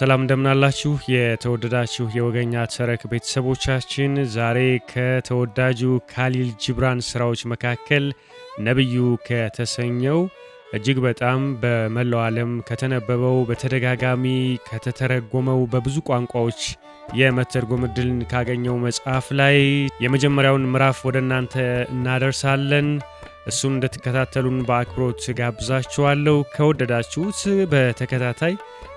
ሰላም እንደምናላችሁ የተወደዳችሁ የወገኛ ተረክ ቤተሰቦቻችን፣ ዛሬ ከተወዳጁ ካሊል ጅብራን ስራዎች መካከል ነቢዩ ከተሰኘው እጅግ በጣም በመላው ዓለም ከተነበበው በተደጋጋሚ ከተተረጎመው በብዙ ቋንቋዎች የመተርጎም ዕድልን ካገኘው መጽሐፍ ላይ የመጀመሪያውን ምዕራፍ ወደ እናንተ እናደርሳለን። እሱን እንደተከታተሉን በአክብሮት ጋብዛችኋለሁ። ከወደዳችሁት በተከታታይ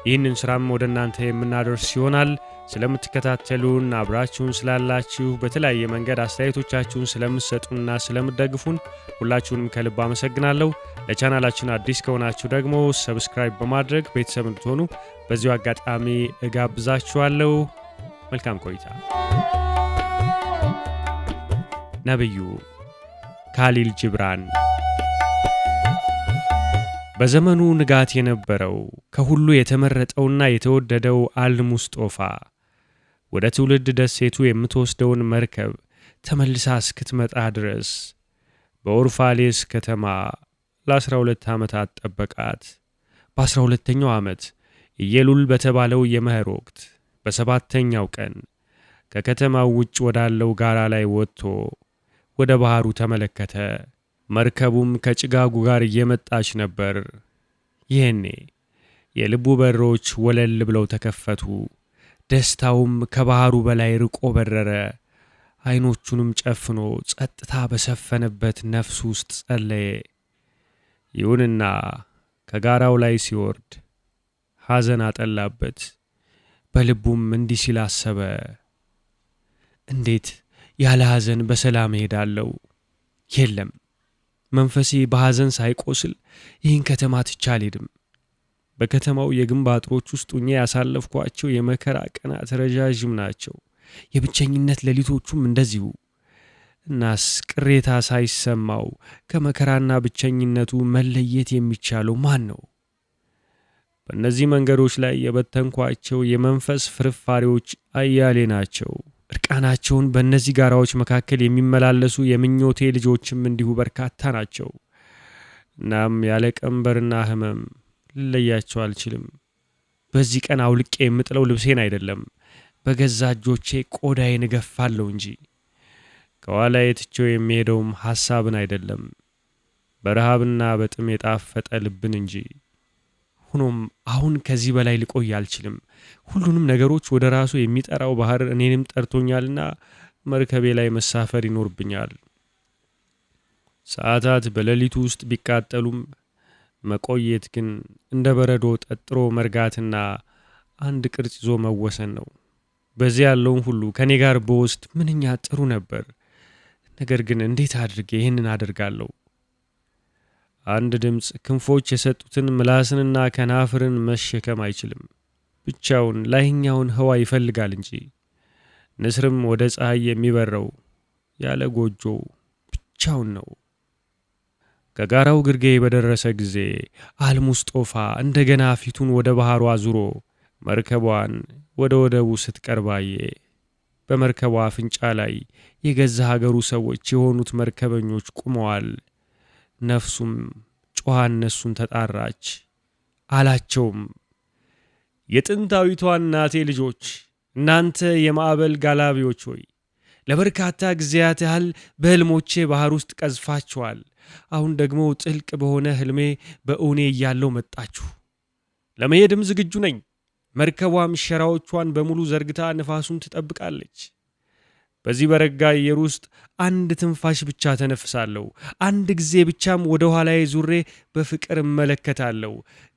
ይህንን ሥራም ወደ እናንተ የምናደርስ ይሆናል። ስለምትከታተሉን፣ አብራችሁን ስላላችሁ፣ በተለያየ መንገድ አስተያየቶቻችሁን ስለምትሰጡንና ስለምትደግፉን ሁላችሁንም ከልብ አመሰግናለሁ። ለቻናላችን አዲስ ከሆናችሁ ደግሞ ሰብስክራይብ በማድረግ ቤተሰብ እንድትሆኑ በዚሁ አጋጣሚ እጋብዛችኋለሁ። መልካም ቆይታ። ነብዩ ካሊል ጅብራን በዘመኑ ንጋት የነበረው ከሁሉ የተመረጠውና የተወደደው አልሙስጦፋ ወደ ትውልድ ደሴቱ የምትወስደውን መርከብ ተመልሳ እስክትመጣ ድረስ በኦርፋሌስ ከተማ ለ12 ዓመታት ጠበቃት። በ12ተኛው ዓመት እየሉል በተባለው የመኸር ወቅት በሰባተኛው ቀን ከከተማው ውጭ ወዳለው ጋራ ላይ ወጥቶ ወደ ባህሩ ተመለከተ። መርከቡም ከጭጋጉ ጋር እየመጣች ነበር። ይህኔ የልቡ በሮች ወለል ብለው ተከፈቱ። ደስታውም ከባህሩ በላይ ርቆ በረረ። አይኖቹንም ጨፍኖ ጸጥታ በሰፈነበት ነፍሱ ውስጥ ጸለየ። ይሁንና ከጋራው ላይ ሲወርድ ሐዘን አጠላበት። በልቡም እንዲህ ሲል አሰበ፣ እንዴት ያለ ሐዘን በሰላም እሄዳለሁ። የለም መንፈሴ በሐዘን ሳይቆስል ይህን ከተማ ትቼ አልሄድም። በከተማው የግንብ አጥሮች ውስጥ ሁኜ ያሳለፍኳቸው የመከራ ቀናት ረዣዥም ናቸው። የብቸኝነት ሌሊቶቹም እንደዚሁ። እናስ ቅሬታ ሳይሰማው ከመከራና ብቸኝነቱ መለየት የሚቻለው ማን ነው? በእነዚህ መንገዶች ላይ የበተንኳቸው የመንፈስ ፍርፋሪዎች አያሌ ናቸው። እርቃናቸውን በእነዚህ ጋራዎች መካከል የሚመላለሱ የምኞቴ ልጆችም እንዲሁ በርካታ ናቸው። እናም ያለ ቀንበርና ህመም ልለያቸው አልችልም። በዚህ ቀን አውልቄ የምጥለው ልብሴን አይደለም፣ በገዛ እጆቼ ቆዳዬን እገፋለሁ እንጂ ከኋላ የትቼው የሚሄደውም ሐሳብን አይደለም፣ በረሃብና በጥም የጣፈጠ ልብን እንጂ። ሆኖም አሁን ከዚህ በላይ ልቆይ አልችልም። ሁሉንም ነገሮች ወደ ራሱ የሚጠራው ባህር እኔንም ጠርቶኛልና መርከቤ ላይ መሳፈር ይኖርብኛል። ሰዓታት በሌሊቱ ውስጥ ቢቃጠሉም መቆየት ግን እንደ በረዶ ጠጥሮ መርጋትና አንድ ቅርጽ ይዞ መወሰን ነው። በዚህ ያለውን ሁሉ ከእኔ ጋር በውስጥ ምንኛ ጥሩ ነበር። ነገር ግን እንዴት አድርጌ ይህንን አደርጋለሁ? አንድ ድምፅ ክንፎች የሰጡትን ምላስንና ከናፍርን መሸከም አይችልም። ብቻውን ላይኛውን ህዋ ይፈልጋል እንጂ ንስርም ወደ ፀሐይ የሚበረው ያለ ጎጆ ብቻውን ነው። ከጋራው ግርጌ በደረሰ ጊዜ አልሙስጦፋ እንደገና ፊቱን ወደ ባህሩ አዙሮ መርከቧን ወደ ወደቡ ስትቀርባየ በመርከቧ አፍንጫ ላይ የገዛ ሀገሩ ሰዎች የሆኑት መርከበኞች ቁመዋል። ነፍሱም ጮኻ እነሱን ተጣራች፣ አላቸውም የጥንታዊቷ እናቴ ልጆች እናንተ የማዕበል ጋላቢዎች ሆይ ለበርካታ ጊዜያት ያህል በሕልሞቼ ባህር ውስጥ ቀዝፋችኋል። አሁን ደግሞ ጥልቅ በሆነ ሕልሜ በእውኔ እያለው መጣችሁ። ለመሄድም ዝግጁ ነኝ። መርከቧም ሸራዎቿን በሙሉ ዘርግታ ነፋሱን ትጠብቃለች። በዚህ በረጋ አየር ውስጥ አንድ ትንፋሽ ብቻ ተነፍሳለሁ። አንድ ጊዜ ብቻም ወደ ኋላዬ ዙሬ በፍቅር እመለከታለሁ።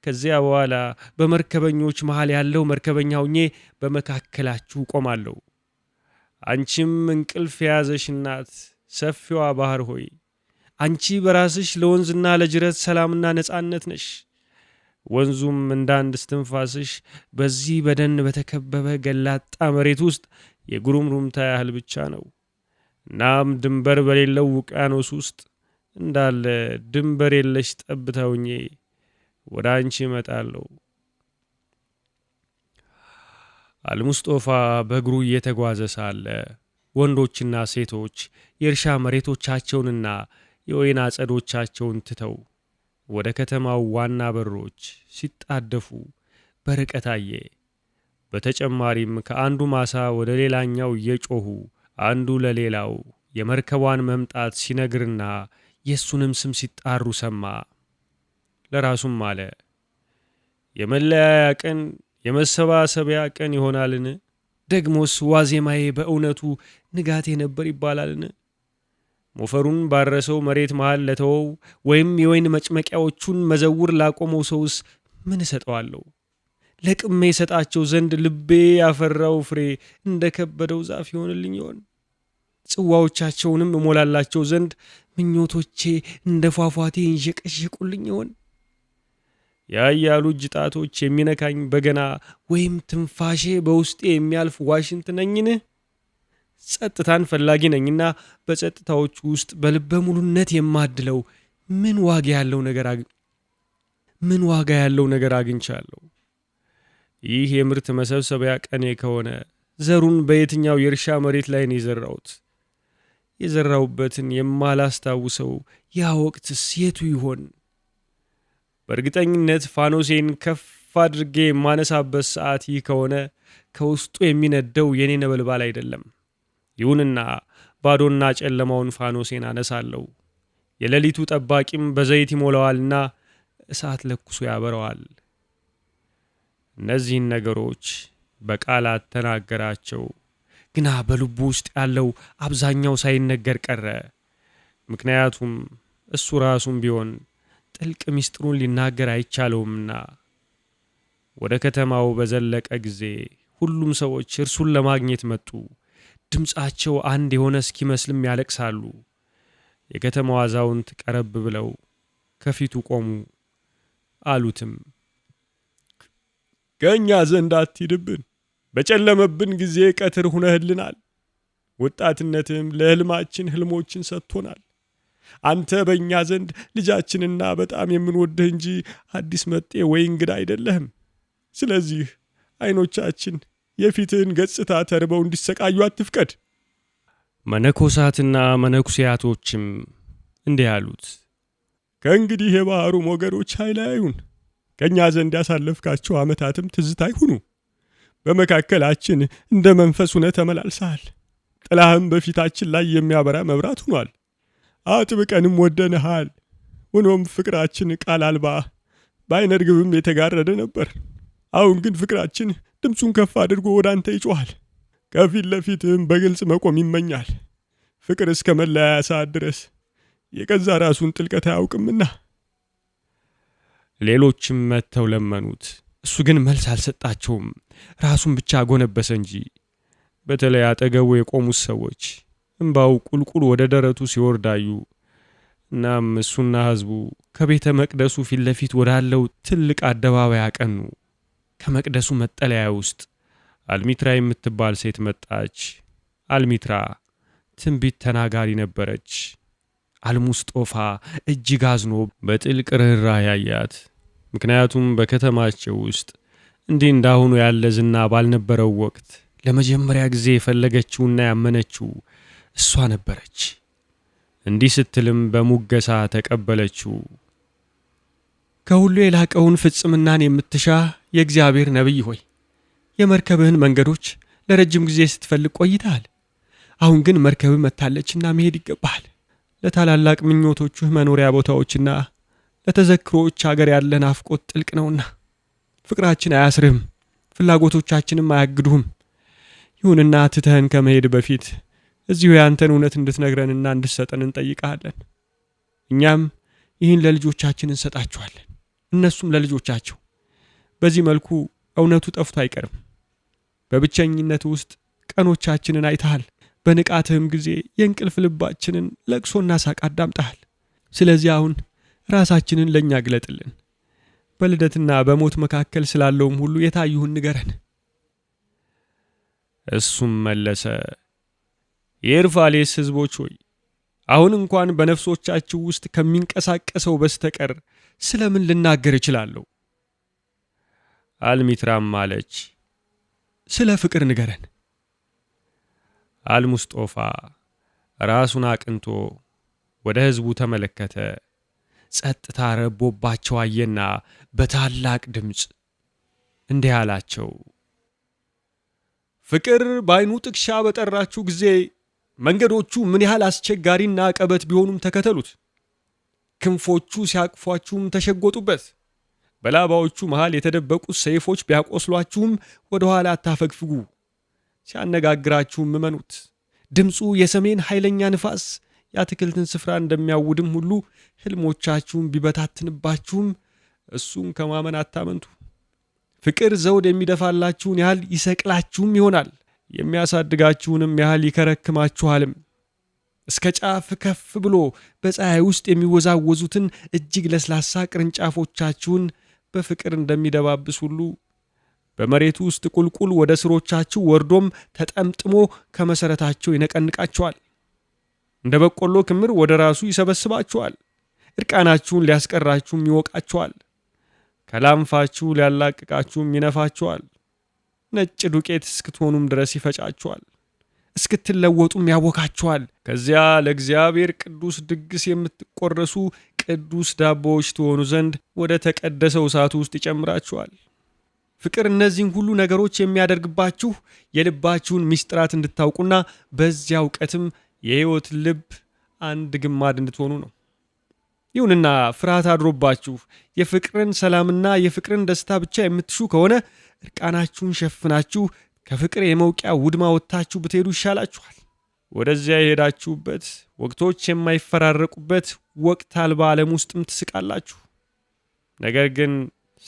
ከዚያ በኋላ በመርከበኞች መሃል ያለው መርከበኛ ሁኜ በመካከላችሁ ቆማለሁ። አንቺም እንቅልፍ የያዘሽ እናት፣ ሰፊዋ ባህር ሆይ አንቺ በራስሽ ለወንዝና ለጅረት ሰላምና ነፃነት ነሽ። ወንዙም እንደ አንድ እስትንፋስሽ በዚህ በደን በተከበበ ገላጣ መሬት ውስጥ የጉሩምሩምታ ያህል ብቻ ነው። እናም ድንበር በሌለው ውቅያኖስ ውስጥ እንዳለ ድንበር የለሽ ጠብታውኜ ወደ አንቺ እመጣለሁ። አልሙስጦፋ በእግሩ እየተጓዘ ሳለ ወንዶችና ሴቶች የእርሻ መሬቶቻቸውንና የወይን አጸዶቻቸውን ትተው ወደ ከተማው ዋና በሮች ሲጣደፉ በርቀት አየ። በተጨማሪም ከአንዱ ማሳ ወደ ሌላኛው እየጮኹ አንዱ ለሌላው የመርከቧን መምጣት ሲነግርና የእሱንም ስም ሲጣሩ ሰማ። ለራሱም አለ የመለያያ ቀን የመሰባሰቢያ ቀን ይሆናልን? ደግሞስ ዋዜማዬ በእውነቱ ንጋቴ ነበር ይባላልን? ሞፈሩን ባረሰው መሬት መሃል ለተወው ወይም የወይን መጭመቂያዎቹን መዘውር ላቆመው ሰውስ ምን እሰጠዋለሁ? ለቅሜ ሰጣቸው ዘንድ ልቤ ያፈራው ፍሬ እንደ ከበደው ዛፍ ይሆንልኝ ይሆን? ጽዋዎቻቸውንም እሞላላቸው ዘንድ ምኞቶቼ እንደ ፏፏቴ ይንዠቀዠቁልኝ ይሆን? ያያሉ እጅ ጣቶች የሚነካኝ በገና ወይም ትንፋሼ በውስጤ የሚያልፍ ዋሽንት ነኝን? ጸጥታን ፈላጊ ነኝና በጸጥታዎች ውስጥ በልበ ሙሉነት የማድለው ምን ዋጋ ያለው ነገር ምን ዋጋ ያለው ነገር አግኝቻለሁ? ይህ የምርት መሰብሰቢያ ቀኔ ከሆነ ዘሩን በየትኛው የእርሻ መሬት ላይ ነው የዘራሁት? የዘራሁበትን የማላስታውሰው ያ ወቅት ሴቱ ይሆን? በእርግጠኝነት ፋኖሴን ከፍ አድርጌ የማነሳበት ሰዓት ይህ ከሆነ ከውስጡ የሚነደው የኔ ነበልባል አይደለም። ይሁንና ባዶና ጨለማውን ፋኖሴን አነሳለሁ። የሌሊቱ ጠባቂም በዘይት ይሞላዋልና እሳት ለኩሶ ያበረዋል። እነዚህን ነገሮች በቃላት ተናገራቸው፣ ግና በልቡ ውስጥ ያለው አብዛኛው ሳይነገር ቀረ። ምክንያቱም እሱ ራሱም ቢሆን ጥልቅ ምስጢሩን ሊናገር አይቻለውምና። ወደ ከተማው በዘለቀ ጊዜ ሁሉም ሰዎች እርሱን ለማግኘት መጡ። ድምፃቸው አንድ የሆነ እስኪመስልም ያለቅሳሉ። የከተማው አዛውንት ቀረብ ብለው ከፊቱ ቆሙ፣ አሉትም ከእኛ ዘንድ አትሂድብን፣ በጨለመብን ጊዜ ቀትር ሁነህልናል። ወጣትነትም ለሕልማችን ሕልሞችን ሰጥቶናል። አንተ በእኛ ዘንድ ልጃችንና በጣም የምንወድህ እንጂ አዲስ መጤ ወይ እንግዳ አይደለህም። ስለዚህ አይኖቻችን የፊትህን ገጽታ ተርበው እንዲሰቃዩ አትፍቀድ። መነኮሳትና መነኩሲያቶችም እንዲህ አሉት፣ ከእንግዲህ የባሕሩ ሞገዶች ኃይል አያዩን ከእኛ ዘንድ ያሳለፍካቸው ዓመታትም ትዝታ ይሁኑ። በመካከላችን እንደ መንፈስ ሁነ ተመላልሰሃል። ጥላህም በፊታችን ላይ የሚያበራ መብራት ሆኗል። አጥብቀንም ወደንሃል። ሆኖም ፍቅራችን ቃል አልባ በአይነ ርግብም የተጋረደ ነበር። አሁን ግን ፍቅራችን ድምፁን ከፍ አድርጎ ወደ አንተ ይጮኋል። ከፊት ለፊትም በግልጽ መቆም ይመኛል። ፍቅር እስከ መለያያ ሰዓት ድረስ የቀዛ ራሱን ጥልቀት አያውቅምና ሌሎችም መጥተው ለመኑት። እሱ ግን መልስ አልሰጣቸውም። ራሱን ብቻ አጎነበሰ እንጂ። በተለይ አጠገቡ የቆሙት ሰዎች እምባው ቁልቁል ወደ ደረቱ ሲወርዳዩ። እናም እሱና ሕዝቡ ከቤተ መቅደሱ ፊት ለፊት ወዳለው ትልቅ አደባባይ አቀኑ። ከመቅደሱ መጠለያ ውስጥ አልሚትራ የምትባል ሴት መጣች። አልሚትራ ትንቢት ተናጋሪ ነበረች። አልሙስጦፋ እጅግ አዝኖ በጥልቅ ርኅራ ያያት። ምክንያቱም በከተማቸው ውስጥ እንዲህ እንዳሁኑ ያለ ዝና ባልነበረው ወቅት ለመጀመሪያ ጊዜ የፈለገችውና ያመነችው እሷ ነበረች። እንዲህ ስትልም በሙገሳ ተቀበለችው። ከሁሉ የላቀውን ፍጽምናን የምትሻ የእግዚአብሔር ነቢይ ሆይ የመርከብህን መንገዶች ለረጅም ጊዜ ስትፈልግ ቆይተሃል። አሁን ግን መርከብህ መታለችና መሄድ ይገባሃል። ለታላላቅ ምኞቶቹ መኖሪያ ቦታዎችና ለተዘክሮዎች አገር ያለን አፍቆት ጥልቅ ነውና ፍቅራችን አያስርህም፣ ፍላጎቶቻችንም አያግዱህም። ይሁንና ትተህን ከመሄድ በፊት እዚሁ ያንተን እውነት እንድትነግረንና እንድትሰጠን እንጠይቀሃለን። እኛም ይህን ለልጆቻችን እንሰጣችኋለን፣ እነሱም ለልጆቻቸው። በዚህ መልኩ እውነቱ ጠፍቶ አይቀርም። በብቸኝነት ውስጥ ቀኖቻችንን አይተሃል። በንቃትህም ጊዜ የእንቅልፍ ልባችንን ለቅሶና ሳቅ አዳምጠሃል። ስለዚህ አሁን ራሳችንን ለእኛ ግለጥልን፣ በልደትና በሞት መካከል ስላለውም ሁሉ የታዩህን ንገረን። እሱም መለሰ፣ የኤርፋሌስ ሕዝቦች ሆይ አሁን እንኳን በነፍሶቻችሁ ውስጥ ከሚንቀሳቀሰው በስተቀር ስለምን ልናገር እችላለሁ? አልሚትራም አለች፣ ስለ ፍቅር ንገረን። አልሙስጦፋ ራሱን አቅንቶ ወደ ሕዝቡ ተመለከተ። ጸጥታ ረቦባቸው አየና በታላቅ ድምፅ እንዲህ አላቸው። ፍቅር በአይኑ ጥቅሻ በጠራችሁ ጊዜ መንገዶቹ ምን ያህል አስቸጋሪና ቀበት ቢሆኑም ተከተሉት። ክንፎቹ ሲያቅፏችሁም ተሸጎጡበት። በላባዎቹ መሃል የተደበቁት ሰይፎች ቢያቆስሏችሁም ወደ ኋላ አታፈግፍጉ። ሲያነጋግራችሁ እመኑት። ድምፁ የሰሜን ኃይለኛ ንፋስ የአትክልትን ስፍራ እንደሚያውድም ሁሉ ህልሞቻችሁን ቢበታትንባችሁም እሱን ከማመን አታመንቱ። ፍቅር ዘውድ የሚደፋላችሁን ያህል ይሰቅላችሁም ይሆናል፣ የሚያሳድጋችሁንም ያህል ይከረክማችኋልም። እስከ ጫፍ ከፍ ብሎ በፀሐይ ውስጥ የሚወዛወዙትን እጅግ ለስላሳ ቅርንጫፎቻችሁን በፍቅር እንደሚደባብስ ሁሉ በመሬቱ ውስጥ ቁልቁል ወደ ስሮቻችሁ ወርዶም ተጠምጥሞ ከመሠረታቸው ይነቀንቃቸዋል። እንደ በቆሎ ክምር ወደ ራሱ ይሰበስባችኋል። እርቃናችሁን ሊያስቀራችሁም ይወቃችኋል። ከላንፋችሁ ሊያላቅቃችሁም ይነፋችኋል። ነጭ ዱቄት እስክትሆኑም ድረስ ይፈጫችኋል፣ እስክትለወጡም ያቦካችኋል። ከዚያ ለእግዚአብሔር ቅዱስ ድግስ የምትቆረሱ ቅዱስ ዳቦዎች ትሆኑ ዘንድ ወደ ተቀደሰው እሳት ውስጥ ይጨምራችኋል። ፍቅር እነዚህን ሁሉ ነገሮች የሚያደርግባችሁ የልባችሁን ሚስጥራት እንድታውቁና በዚያ እውቀትም የህይወት ልብ አንድ ግማድ እንድትሆኑ ነው። ይሁንና ፍርሃት አድሮባችሁ የፍቅርን ሰላምና የፍቅርን ደስታ ብቻ የምትሹ ከሆነ እርቃናችሁን ሸፍናችሁ ከፍቅር የመውቂያ ውድማ ወጥታችሁ ብትሄዱ ይሻላችኋል። ወደዚያ የሄዳችሁበት ወቅቶች የማይፈራረቁበት ወቅት አልባ ዓለም ውስጥም ትስቃላችሁ። ነገር ግን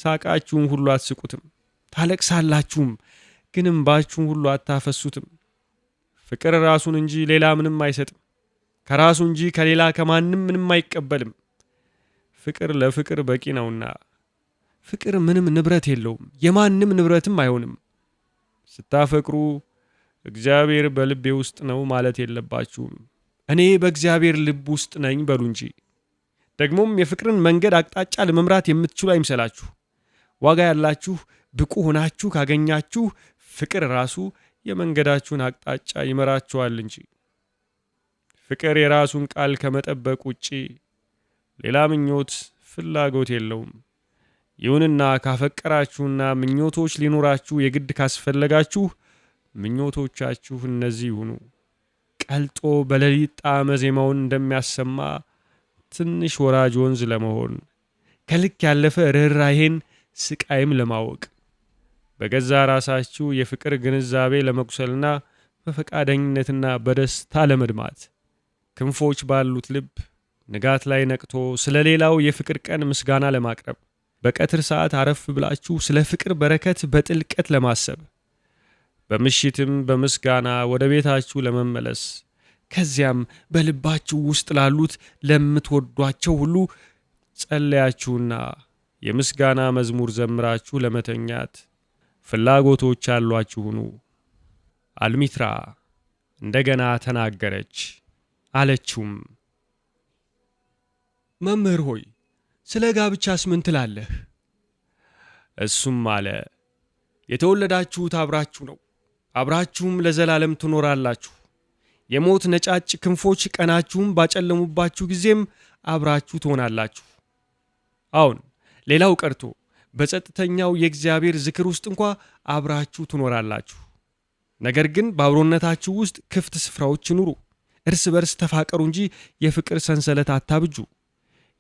ሳቃችሁን ሁሉ አትስቁትም። ታለቅሳላችሁም፣ ግን እንባችሁን ሁሉ አታፈሱትም። ፍቅር ራሱን እንጂ ሌላ ምንም አይሰጥም። ከራሱ እንጂ ከሌላ ከማንም ምንም አይቀበልም። ፍቅር ለፍቅር በቂ ነውና ፍቅር ምንም ንብረት የለውም፣ የማንም ንብረትም አይሆንም። ስታፈቅሩ እግዚአብሔር በልቤ ውስጥ ነው ማለት የለባችሁም። እኔ በእግዚአብሔር ልብ ውስጥ ነኝ በሉ እንጂ። ደግሞም የፍቅርን መንገድ አቅጣጫ ለመምራት የምትችሉ አይምሰላችሁ። ዋጋ ያላችሁ ብቁ ሆናችሁ ካገኛችሁ ፍቅር ራሱ የመንገዳችሁን አቅጣጫ ይመራችኋል እንጂ ፍቅር የራሱን ቃል ከመጠበቅ ውጪ ሌላ ምኞት፣ ፍላጎት የለውም። ይሁንና ካፈቀራችሁና ምኞቶች ሊኖራችሁ የግድ ካስፈለጋችሁ ምኞቶቻችሁ እነዚህ ይሁኑ። ቀልጦ በሌሊት ጣዕመ ዜማውን እንደሚያሰማ ትንሽ ወራጅ ወንዝ ለመሆን ከልክ ያለፈ ርኅራኄን ስቃይም ለማወቅ በገዛ ራሳችሁ የፍቅር ግንዛቤ ለመቁሰልና በፈቃደኝነትና በደስታ ለመድማት ክንፎች ባሉት ልብ ንጋት ላይ ነቅቶ ስለ ሌላው የፍቅር ቀን ምስጋና ለማቅረብ በቀትር ሰዓት አረፍ ብላችሁ ስለ ፍቅር በረከት በጥልቀት ለማሰብ በምሽትም በምስጋና ወደ ቤታችሁ ለመመለስ ከዚያም በልባችሁ ውስጥ ላሉት ለምትወዷቸው ሁሉ ጸለያችሁና የምስጋና መዝሙር ዘምራችሁ ለመተኛት ፍላጎቶች ያሏችሁ ሁኑ። አልሚትራ እንደገና ተናገረች፣ አለችውም መምህር ሆይ ስለ ጋብቻስ ምን ትላለህ? እሱም አለ የተወለዳችሁት አብራችሁ ነው፣ አብራችሁም ለዘላለም ትኖራላችሁ። የሞት ነጫጭ ክንፎች ቀናችሁም ባጨለሙባችሁ ጊዜም አብራችሁ ትሆናላችሁ። አሁን ሌላው ቀርቶ በጸጥተኛው የእግዚአብሔር ዝክር ውስጥ እንኳ አብራችሁ ትኖራላችሁ። ነገር ግን በአብሮነታችሁ ውስጥ ክፍት ስፍራዎች ይኑሩ። እርስ በርስ ተፋቀሩ እንጂ የፍቅር ሰንሰለት አታብጁ።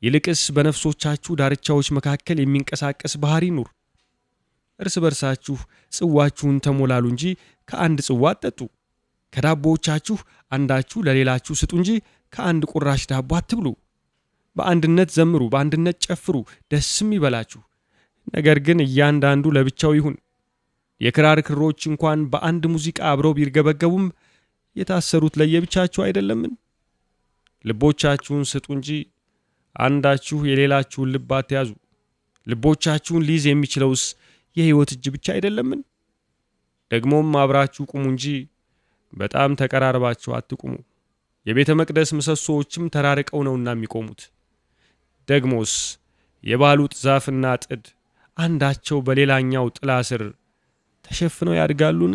ይልቅስ በነፍሶቻችሁ ዳርቻዎች መካከል የሚንቀሳቀስ ባህር ይኑር። እርስ በርሳችሁ ጽዋችሁን ተሞላሉ እንጂ ከአንድ ጽዋ አትጠጡ። ከዳቦዎቻችሁ አንዳችሁ ለሌላችሁ ስጡ እንጂ ከአንድ ቁራሽ ዳቦ አትብሉ። በአንድነት ዘምሩ፣ በአንድነት ጨፍሩ፣ ደስም ይበላችሁ። ነገር ግን እያንዳንዱ ለብቻው ይሁን። የክራር ክሮች እንኳን በአንድ ሙዚቃ አብረው ቢርገበገቡም የታሰሩት ለየብቻችሁ አይደለምን? ልቦቻችሁን ስጡ እንጂ አንዳችሁ የሌላችሁን ልብ አትያዙ። ልቦቻችሁን ሊይዝ የሚችለውስ የሕይወት እጅ ብቻ አይደለምን? ደግሞም አብራችሁ ቁሙ እንጂ በጣም ተቀራርባችሁ አትቁሙ። የቤተ መቅደስ ምሰሶዎችም ተራርቀው ነውና የሚቆሙት። ደግሞስ የባሉጥ ዛፍና ጥድ አንዳቸው በሌላኛው ጥላ ስር ተሸፍነው ያድጋሉን?